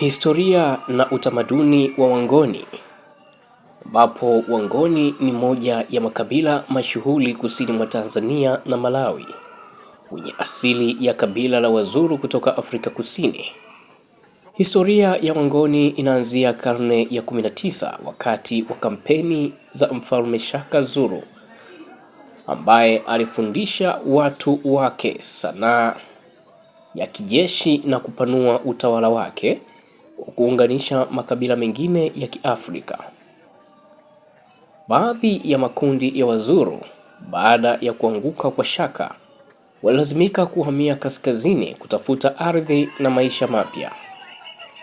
Historia na utamaduni wa Wangoni ambapo Wangoni ni moja ya makabila mashuhuri kusini mwa Tanzania na Malawi wenye asili ya kabila la Wazuru kutoka Afrika Kusini. Historia ya Wangoni inaanzia karne ya 19 wakati wa kampeni za Mfalme Shaka Zuru ambaye alifundisha watu wake sanaa ya kijeshi na kupanua utawala wake kuunganisha makabila mengine ya Kiafrika. Baadhi ya makundi ya wazuru baada ya kuanguka kwa Shaka walilazimika kuhamia kaskazini kutafuta ardhi na maisha mapya,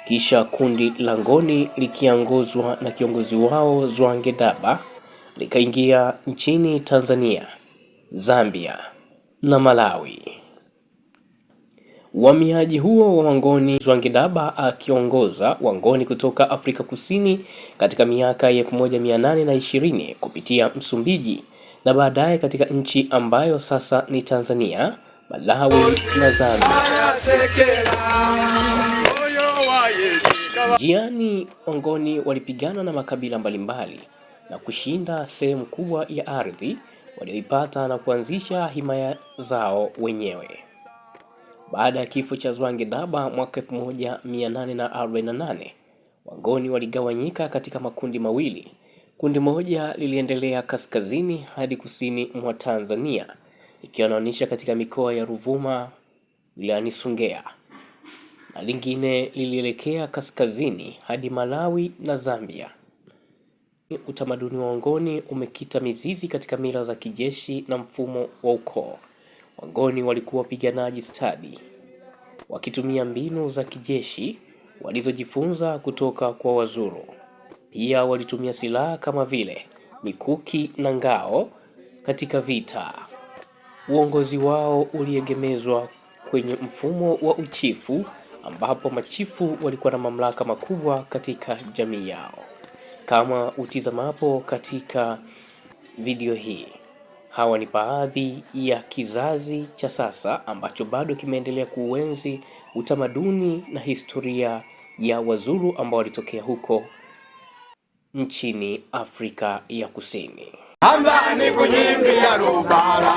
kisha kundi la Ngoni likiongozwa na kiongozi wao Zwange Daba likaingia nchini Tanzania, Zambia na Malawi. Uhamiaji huo wa Wangoni, zwangidaba akiongoza Wangoni kutoka Afrika Kusini katika miaka ya 1820 kupitia Msumbiji na baadaye katika nchi ambayo sasa ni Tanzania, Malawi na Zambia. Njiani, Wangoni walipigana na makabila mbalimbali na kushinda sehemu kubwa ya ardhi walioipata na kuanzisha himaya zao wenyewe. Baada ya kifo cha Daba mwaka 1848, Wangoni waligawanyika katika makundi mawili. Kundi moja liliendelea kaskazini hadi kusini mwa Tanzania, ikiwa inaonyesha katika mikoa ya Ruvuma wilayani Songea, na lingine lilielekea kaskazini hadi Malawi na Zambia. Utamaduni wa Wangoni umekita mizizi katika mila za kijeshi na mfumo wa ukoo. Wangoni walikuwa wapiganaji stadi wakitumia mbinu za kijeshi walizojifunza kutoka kwa wazuru Pia walitumia silaha kama vile mikuki na ngao katika vita. Uongozi wao uliegemezwa kwenye mfumo wa uchifu ambapo machifu walikuwa na mamlaka makubwa katika jamii yao. Kama utizamapo katika video hii Hawa ni baadhi ya kizazi cha sasa ambacho bado kimeendelea kuuenzi utamaduni na historia ya Wazulu ambao walitokea huko nchini Afrika ya Kusini. Anza ni ya rubara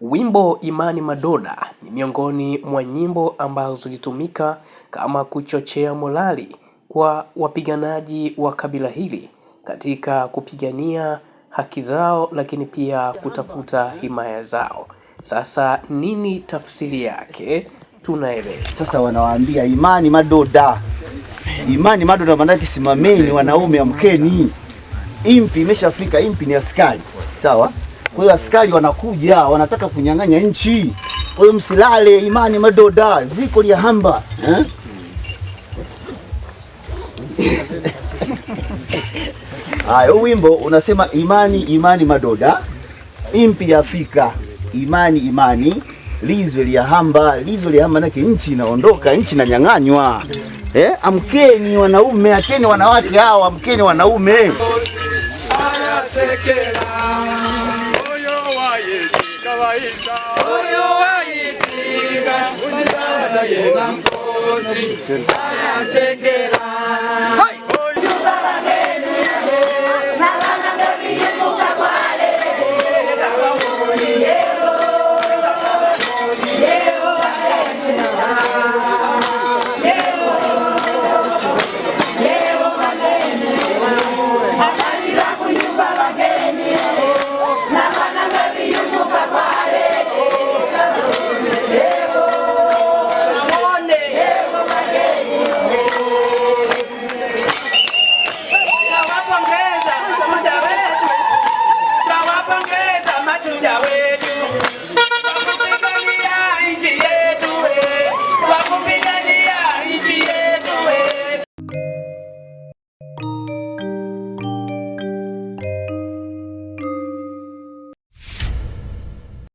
Wimbo Imani Madoda ni miongoni mwa nyimbo ambazo zilitumika kama kuchochea morali kwa wapiganaji wa kabila hili katika kupigania haki zao, lakini pia kutafuta himaya zao. Sasa nini tafsiri yake? Tunaelewa sasa, wanawaambia imani madoda, imani madoda, manake simameni wanaume, amkeni. Impi imeshafika, impi ni askari, sawa? Kwa hiyo askari wanakuja wanataka kunyang'anya nchi, kwa hiyo msilale, imani madoda, ziko lia hamba eh? Haya, wimbo unasema imani imani madoda impi yafika imani imani lizwe liyahamba lizwe liyahamba, nake nchi inaondoka, nchi inanyang'anywa. Eh, amkeni wanaume, acheni wanawake hao, amkeni wanaume Shri রাজা থেকে